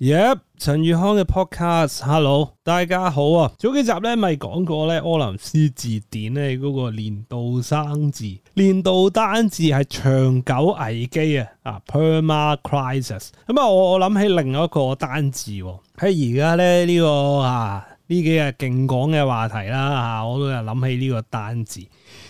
耶！陳宇康嘅 podcast，Hello，大家好啊！早幾集咧咪講過咧柯林斯字典咧嗰個年度生字，年度單字係長久危機啊，啊，perma crisis。咁啊，我我諗起另外一個單字喺而家咧呢個啊呢幾日勁講嘅話題啦啊，我都有諗起呢個單字。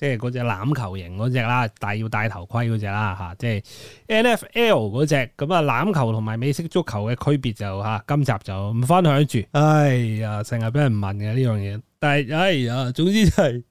即係嗰隻欖球型嗰隻啦，但要戴頭盔嗰隻啦嚇，即係 NFL 嗰隻咁啊，欖球同埋美式足球嘅區別就嚇，今集就唔分享住。哎呀，成日俾人問嘅呢樣嘢，但係哎呀，總之就係。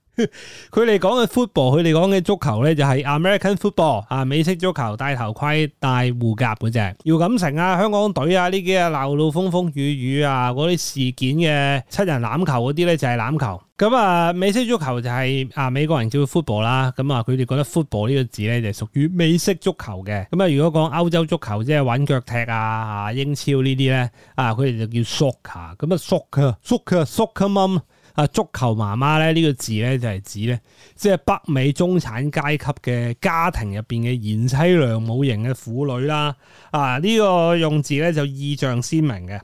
佢哋講嘅 football，佢哋講嘅足球咧就係、是、American football 啊，美式足球戴頭盔戴護甲嗰隻，要感情啊，香港隊啊呢幾日鬧到風風雨雨啊，嗰啲事件嘅七人欖球嗰啲咧就係欖球。咁、嗯、啊，美式足球就係、是、啊美國人叫 football 啦。咁、嗯、啊，佢哋覺得 football 呢個字咧就屬、是、於美式足球嘅。咁、嗯、啊，如果講歐洲足球即係玩腳踢啊，啊，英超呢啲咧啊，佢哋就叫 soccer、啊。咁啊，soccer，soccer，soccer mom 啊！足球媽媽咧呢、呢個字咧就係、係、指咧，即係北美中產階級嘅家庭入邊嘅賢妻良母型嘅婦女啦。啊，呢、呢個用字咧就意象鮮明嘅。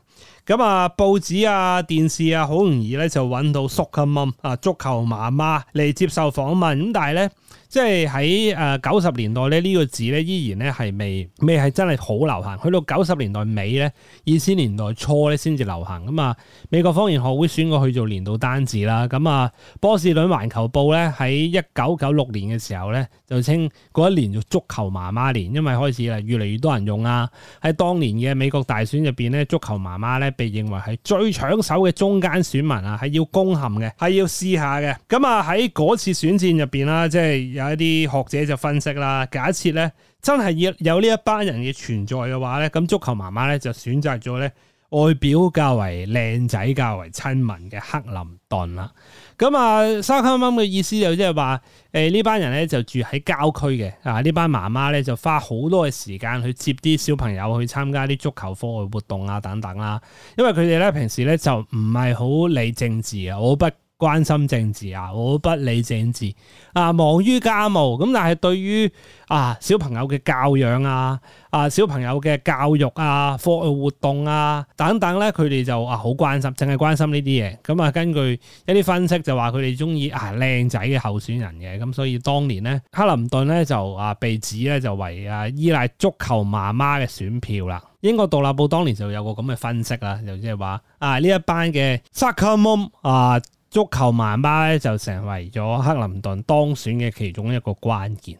咁啊，報紙啊、電視啊，好容易咧就揾到叔緊冧啊足球媽媽嚟接受訪問。咁但係咧。即係喺誒九十年代咧，呢個字咧依然咧係未未係真係好流行。去到九十年代尾咧，二千年代初咧先至流行噶啊、嗯，美國方言學會選過去做年度單字啦。咁、嗯、啊，波士頓環球報咧喺一九九六年嘅時候咧，就稱嗰一年做足球媽媽年，因為開始啦，越嚟越多人用啊。喺當年嘅美國大選入邊咧，足球媽媽咧被認為係最搶手嘅中間選民啊，係要攻陷嘅，係要試下嘅。咁啊喺嗰次選戰入邊啦，即係。一啲學者就分析啦，假設咧真係要有呢一班人嘅存在嘅話咧，咁足球媽媽咧就選擇咗咧外表較為靚仔、較為親民嘅克林頓啦。咁啊，沙坑坑嘅意思就即係話，誒、呃、呢班人咧就住喺郊區嘅，啊媽媽呢班媽媽咧就花好多嘅時間去接啲小朋友去參加啲足球課外活動啊等等啦。因為佢哋咧平時咧就唔係好理政治啊，我不。關心政治啊，我不理政治啊，忙於家務咁。但係對於啊小朋友嘅教養啊，啊小朋友嘅教育啊，課外活動啊等等咧，佢哋就啊好關心，淨係關心呢啲嘢。咁啊，根據一啲分析就話佢哋中意啊靚仔嘅候選人嘅。咁、啊、所以當年咧，克林頓咧就啊被指咧就為啊依賴足球媽媽嘅選票啦。英國《獨立報》當年就有個咁嘅分析啦，就即係話啊呢一班嘅足球媽媽啊。足球媽媽咧就成為咗克林頓當選嘅其中一個關鍵。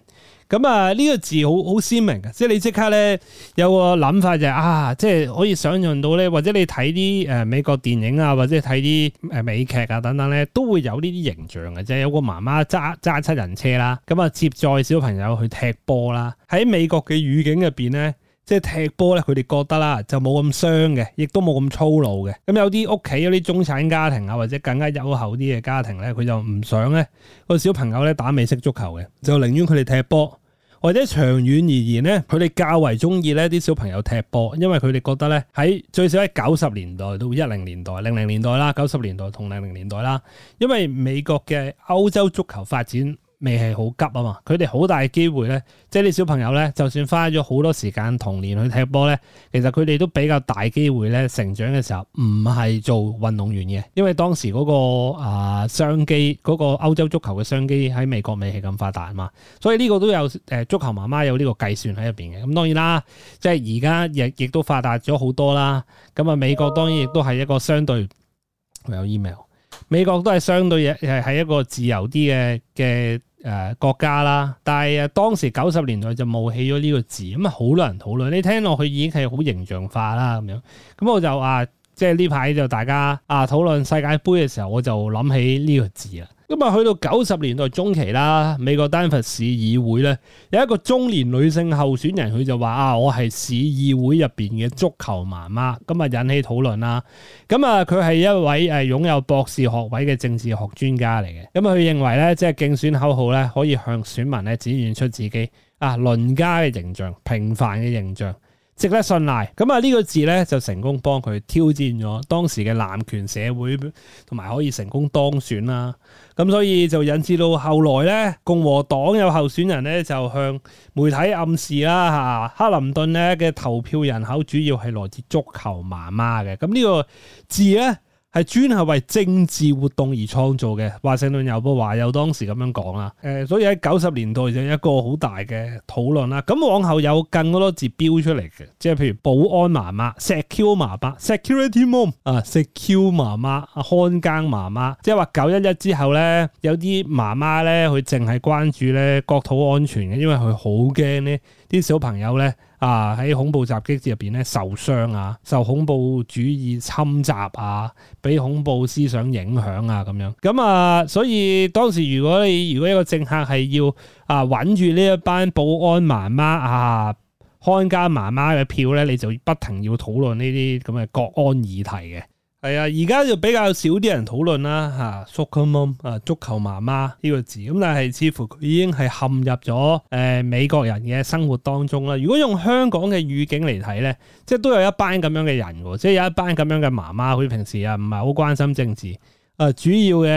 咁啊，呢個字好好鮮明嘅，即係你即刻咧有個諗法就係、是、啊，即係可以想像到咧，或者你睇啲誒美國電影啊，或者睇啲誒美劇啊等等咧，都會有呢啲形象嘅，即係有個媽媽揸揸七人車啦，咁啊接載小朋友去踢波啦。喺美國嘅語境入邊咧。即係踢波咧，佢哋覺得啦，就冇咁傷嘅，亦都冇咁粗魯嘅。咁有啲屋企有啲中產家庭啊，或者更加優厚啲嘅家庭咧，佢就唔想咧個小朋友咧打美式足球嘅，就寧願佢哋踢波，或者長遠而言咧，佢哋較為鍾意咧啲小朋友踢波，因為佢哋覺得咧喺最少喺九十年代到一零年代、零零年代啦、九十年代同零零年代啦，因為美國嘅歐洲足球發展。未係好急啊嘛！佢哋好大機會咧，即係啲小朋友咧，就算花咗好多時間童年去踢波咧，其實佢哋都比較大機會咧成長嘅時候唔係做運動員嘅，因為當時嗰、嗰個啊、呃、商機嗰、嗰個歐洲足球嘅商機喺美國未係咁發達啊嘛，所以呢個都有誒足球媽媽有呢個計算喺入邊嘅。咁、嗯、當然啦，即係而家亦亦都發達咗好多啦。咁、嗯、啊美國當然亦都係一個相對有 email，美國都係相對係一個自由啲嘅嘅。誒、呃、國家啦，但係啊當時九十年代就冒起咗呢個字，咁啊好多人討論。你聽落去已經係好形象化啦咁樣，咁、嗯、我就啊。即係呢排就大家啊討論世界盃嘅時候，我就諗起呢個字啦。咁、嗯、啊，去到九十年代中期啦，美國丹佛市議會咧有一個中年女性候選人，佢就話啊，我係市議會入邊嘅足球媽媽，咁、嗯、啊、嗯、引起討論啦。咁、嗯、啊，佢係一位誒、啊、擁有博士學位嘅政治學專家嚟嘅。咁、嗯、啊，佢認為咧，即係競選口號咧，可以向選民咧展現出自己啊鄰家嘅形象、平凡嘅形象。值得信賴咁啊！呢、嗯呢個字呢，就成功幫佢挑戰咗當時嘅男權社會，同埋可以成功當選啦。咁、嗯、所以就引致到後來呢，共和黨有候選人呢，就向媒體暗示啦嚇，克林頓呢嘅投票人口主要係來自足球媽媽嘅。咁、嗯、呢、呢個字呢。係專係為政治活動而創造嘅。華盛頓郵報話有當時咁樣講啦。誒、呃，所以喺九十年代就一個好大嘅討論啦。咁往後有更多字標出嚟嘅，即係譬如保安媽媽、security 媽媽、security mom 啊、security 媽媽、看更媽媽，即係話九一一之後咧，有啲媽媽咧佢淨係關注咧國土安全嘅，因為佢好驚咧。啲小朋友呢，啊，喺恐怖襲擊入邊呢，受傷啊，受恐怖主義侵襲啊，俾恐怖思想影響啊，咁樣咁啊，所以當時如果你如果一個政客係要啊揾住呢一班保安媽媽啊看家媽媽嘅票呢，你就不停要討論呢啲咁嘅國安議題嘅。係啊，而家就比較少啲人討論啦，吓，足球媽啊，足球媽媽呢個字，咁但係似乎佢已經係陷入咗誒、呃、美國人嘅生活當中啦。如果用香港嘅語境嚟睇咧，即係都有一班咁樣嘅人，即係有一班咁樣嘅媽媽，佢平時啊唔係好關心政治。啊，主要嘅，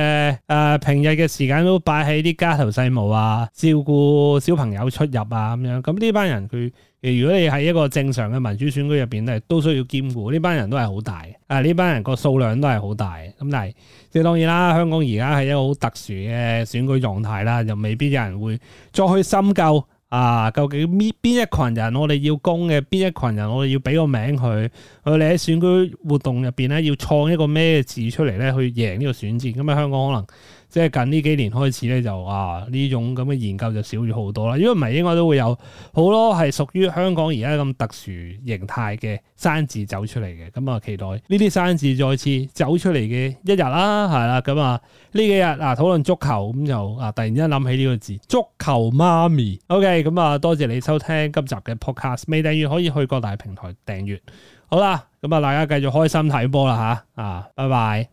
啊、呃、平日嘅時間都擺喺啲家頭細務啊，照顧小朋友出入啊，咁樣，咁、嗯、呢班人佢，如果你喺一個正常嘅民主選舉入邊咧，都需要兼顧呢班人都係好大，啊呢班人個數量都係好大嘅，咁、嗯、但係即係當然啦，香港而家係一個好特殊嘅選舉狀態啦，又未必有人會再去深究。啊！究竟邊邊一群人我，我哋要攻嘅邊一群人，我哋要俾個名佢。佢哋喺選舉活動入邊咧，要創一個咩字出嚟咧，去贏呢個選戰。咁喺香港可能。即係近呢幾年開始咧，就啊呢種咁嘅研究就少咗好多啦。如果唔係，應該都會有好多係屬於香港而家咁特殊形態嘅生字走出嚟嘅。咁、嗯、啊，我期待呢啲生字再次走出嚟嘅一日啦，係啦。咁、嗯、啊，呢幾日啊討論足球咁、嗯、就啊，突然之間諗起呢個字足球媽咪。OK，咁、嗯、啊，多謝你收聽今集嘅 podcast。未訂閲可以去各大平台訂閲。好啦，咁、嗯、啊，大家繼續開心睇波啦吓。啊，拜拜。